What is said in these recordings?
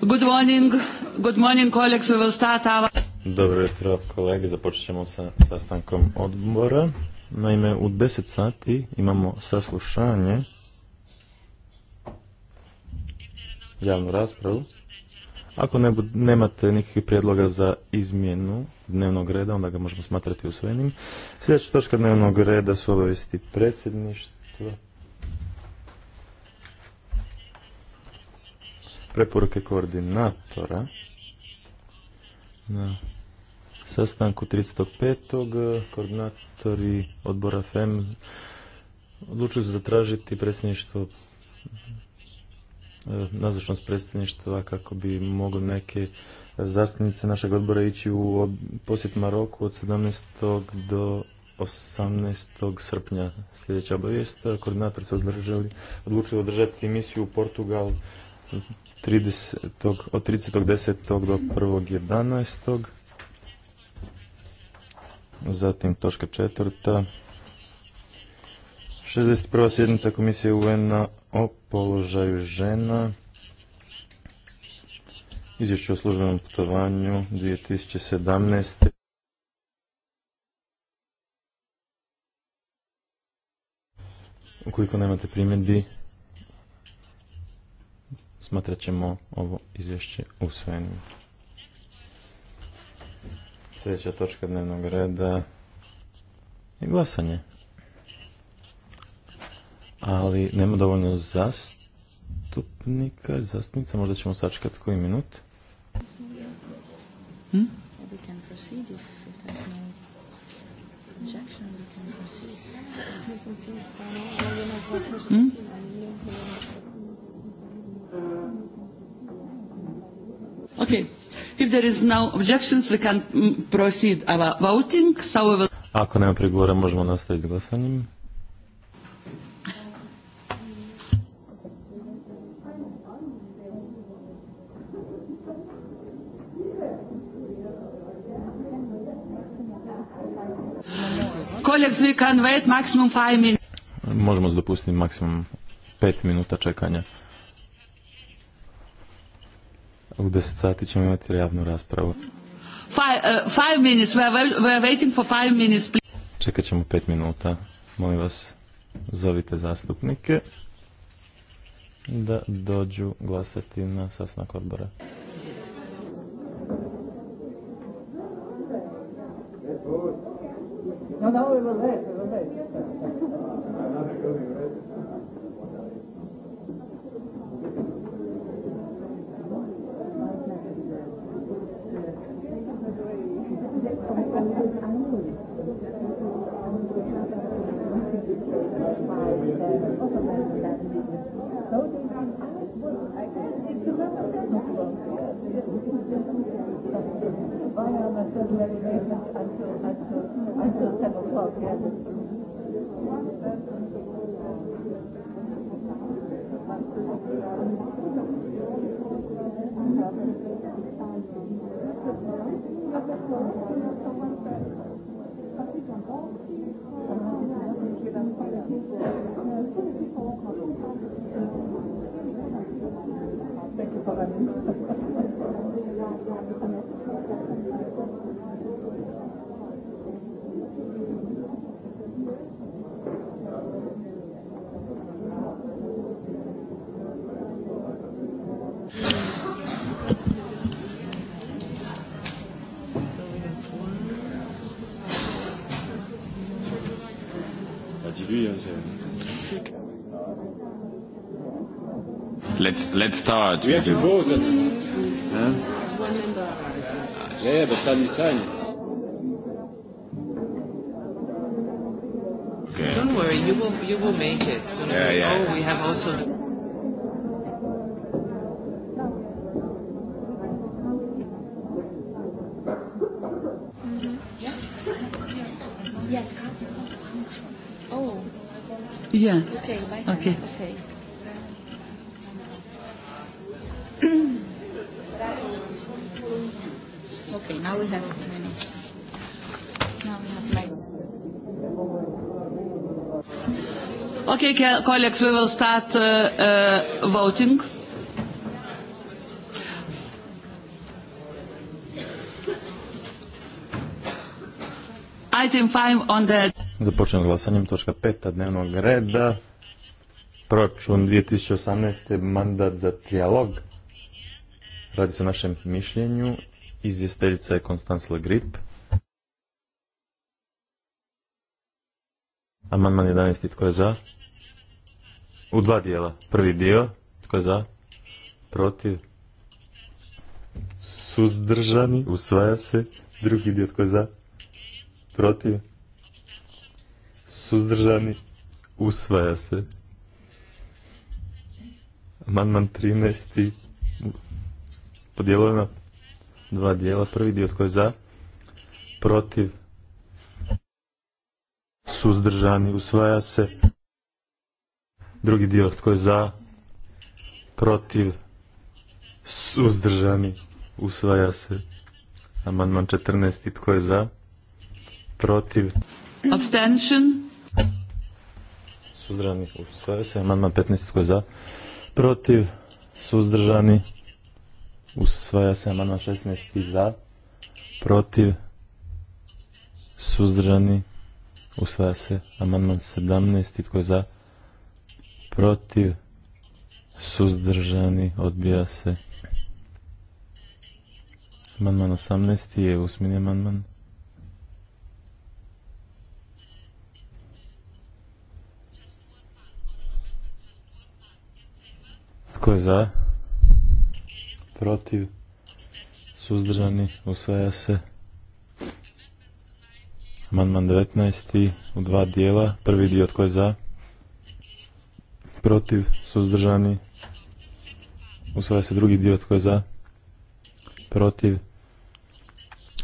Good morning, good morning colleagues, we will start Dobro jutro kolege, započet ćemo sa sastankom odbora. Naime, u deset sati imamo saslušanje, javnu raspravu. Ako nemate nikakvih prijedloga za izmjenu dnevnog reda, onda ga možemo smatrati usvojenim. Sljedeća točka dnevnog reda su obavijesti predsjedništva preporuke koordinatora na sastanku 35. koordinatori odbora FEM odlučili su zatražiti predsjedništvo e, nazočnost predsjedništva kako bi mogli neke zastupnice našeg odbora ići u posjet Maroku od 17. do 18. srpnja sljedeća obavijesta, Koordinator se odlučio održati misiju u Portugal 30, od 30.10. do 1.11. Zatim točka četvrta. 61. sjednica Komisije un o položaju žena. Izvješće o službenom putovanju 2017. Ukoliko nemate primjedbi, smatrat ćemo ovo izvješće u usvojenim. Sljedeća točka dnevnog reda je glasanje. Ali nema dovoljno zastupnika, zastupnica, možda ćemo sačekati koji minut. Hm? Hm? Okay. If there is no objections, we can mm, proceed our voting. So we will... Ako nema prigovora, možemo nastaviti glasanjem. Colleagues, we can wait maximum five minutes. Možemo dopustiti maksimum pet minuta čekanja u 10 sati ćemo imati javnu raspravu. Five, uh, five minutes, we are, we are waiting for five minutes, please. Čekat ćemo pet minuta. Molim vas, zovite zastupnike da dođu glasati na sasnak odbora. No, no, it was late, it was late. Thank you for zemlje. Let's let's start. We have to vote. Yeah, but I'm sign. Okay. Don't worry, you will you will make it. yeah, yeah. Oh, we have also. Yeah. Okay. Okay. okay. okay. Now we have two minutes. Now we have like. Okay, colleagues, we will start uh, uh, voting. Item five on the Započnem glasanjem, točka peta dnevnog reda, proračun 2018. mandat za trijalog. Radi se o našem mišljenju, izvjestiteljica je Konstans Legrip. Amandman 11. Tko je za? U dva dijela. Prvi dio. Tko je za? Protiv? Suzdržani? Usvaja se. Drugi dio. Tko je za? Protiv? suzdržani, usvaja se. Amandman 13. Podijelujemo dva dijela. Prvi dio tko je za, protiv, suzdržani, usvaja se. Drugi dio tko je za, protiv, suzdržani, usvaja se. Amandman 14. tko je za, protiv, Abstention. Suzdržani usvaja se. Amandman 15 tko je za? Protiv. Suzdržani usvaja se. Amandman 16 za? Protiv. Suzdržani usvaja se. Amandman 17 tko je za? Protiv. Suzdržani odbija se. Amandman 18 je usmjeni amandman. Tko je za? Protiv? Suzdržani? Usvaja se. Amandman 19. u dva dijela. Prvi dio tko je za? Protiv? Suzdržani? Usvaja se drugi dio tko je za? Protiv?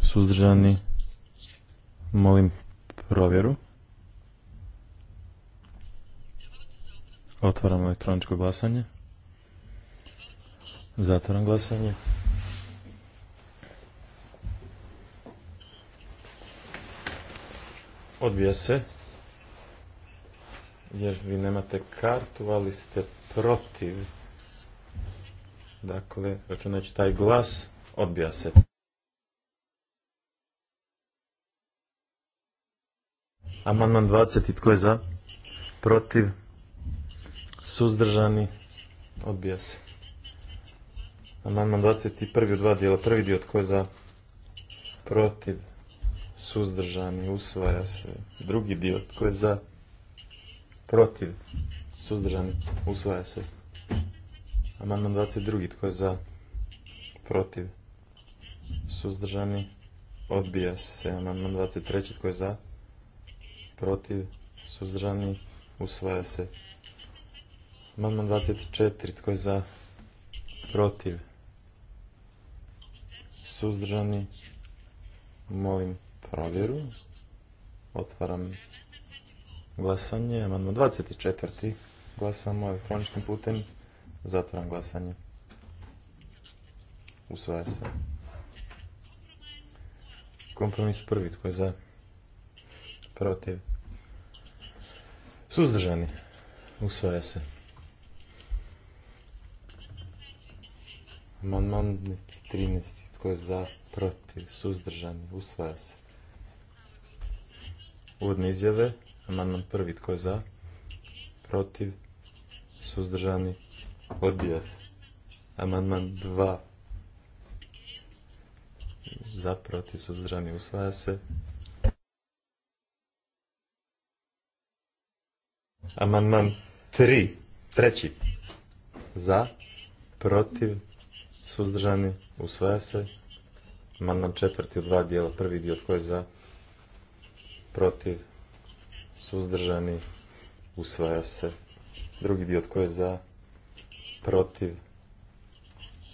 Suzdržani? Molim provjeru. Otvaram elektroničko glasanje. Zatvoram glasanje. Odbija se. Jer vi nemate kartu, ali ste protiv. Dakle, računajući taj glas, odbija se. Amandman 20. Tko je za? Protiv? Suzdržani? Odbija se. Amandman 21. u dva dijela. Prvi dio tko je za protiv suzdržani usvaja se. Drugi dio tko je za protiv suzdržani usvaja se. Amandman 22. tko je za protiv suzdržani odbija se. Amandman 23. tko je za protiv suzdržani usvaja se. Amandman 24. tko je za protiv suzdržani, molim provjeru. Otvaram glasanje, amandman 24. Glasamo elektroničkim putem, zatvaram glasanje. Usvaja se. Kompromis prvi, tko je za? Protiv. Suzdržani. Usvaja se. Amandman 13. Tko je za? Protiv? Suzdržani? Usvaja se. Uvodne izjave. Amandman prvi. Tko je za? Protiv? Suzdržani? Odbija se. Amandman dva. Za? Protiv? Suzdržani? Usvaja se. Amandman tri. Treći. Za? Protiv? suzdržani, usvaja se. Amandman četvrti od dva dijela, prvi dio tko je za, protiv, suzdržani, usvaja se. Drugi dio tko je za, protiv,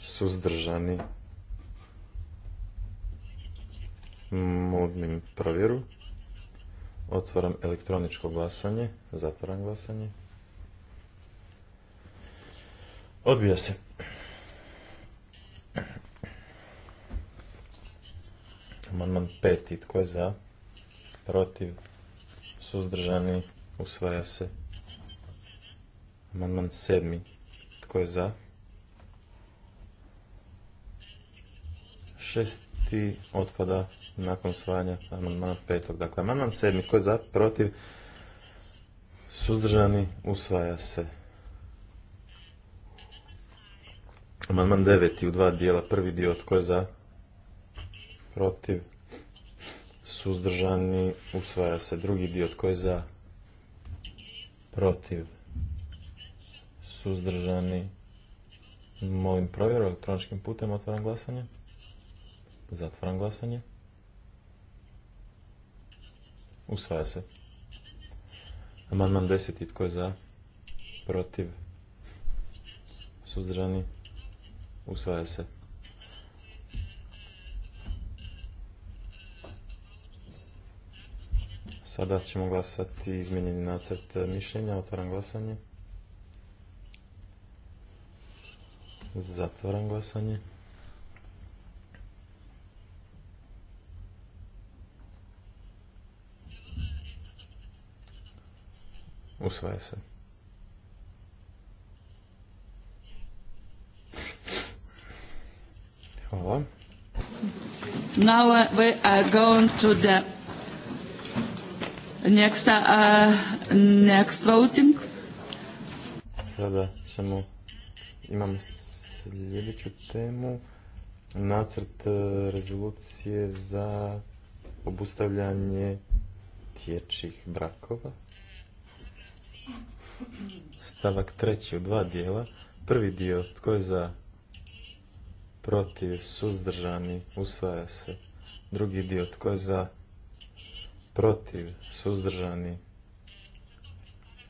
suzdržani, molim provjeru. Otvaram elektroničko glasanje, zatvaram glasanje. Odbija se. Amandman peti. Tko je za? Protiv? Suzdržani? Usvaja se. Amandman sedmi. Tko je za? Šesti otpada nakon usvajanja man petog. Dakle, amandman sedmi. Tko je za? Protiv? Suzdržani? Usvaja se. Amandman deveti u dva dijela. Prvi dio. Tko je za? protiv, suzdržani, usvaja se. Drugi dio tko je za, protiv, suzdržani, molim provjeru elektroničkim putem, otvaram glasanje, zatvaram glasanje, usvaja se. Amandman deseti tko je za, protiv, suzdržani, usvaja se. Sada ćemo glasati izmijenjeni nacrt mišljenja. Otvaram glasanje. Zatvaram glasanje. Usvaja se. Hvala. Now we are going to the Uh, next, voting. Sada ćemo, imam sljedeću temu, nacrt e, rezolucije za obustavljanje tječih brakova. Stavak treći u dva dijela. Prvi dio, tko je za protiv, suzdržani, usvaja se. Drugi dio, tko je za protiv, suzdržani,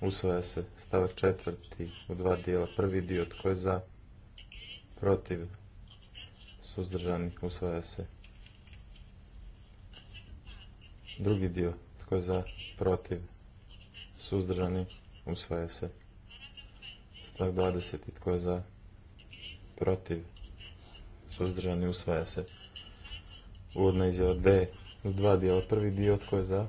usvaja se stavak četvrti u dva dijela. Prvi dio tko je za, protiv, suzdržani, usvaja se. Drugi dio tko je za, protiv, suzdržani, usvaja se. Stavak dvadeseti Tko je za? Protiv. Suzdržani usvaja se. Uvodna izjava D dva dijela. Prvi dio tko je za?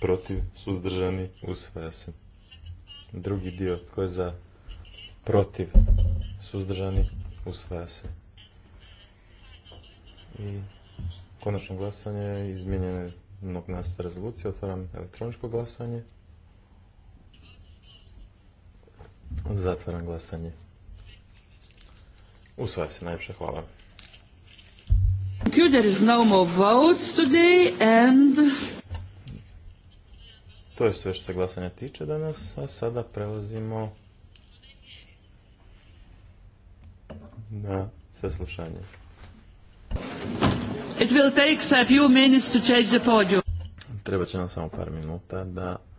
Protiv, suzdržani, usvaja se. Drugi dio tko je za? Protiv, suzdržani, usvaja se. I konačno glasanje izmijenjene mnog nasta rezolucije. Otvaram elektroničko glasanje. Zatvaram glasanje. Usvaja se, najviše. hvala. Thank you. There is no more votes today and... To je sve što se glasanja tiče danas, a sada prelazimo na saslušanje. It will take a few minutes to change the podium. Treba će nam samo par minuta da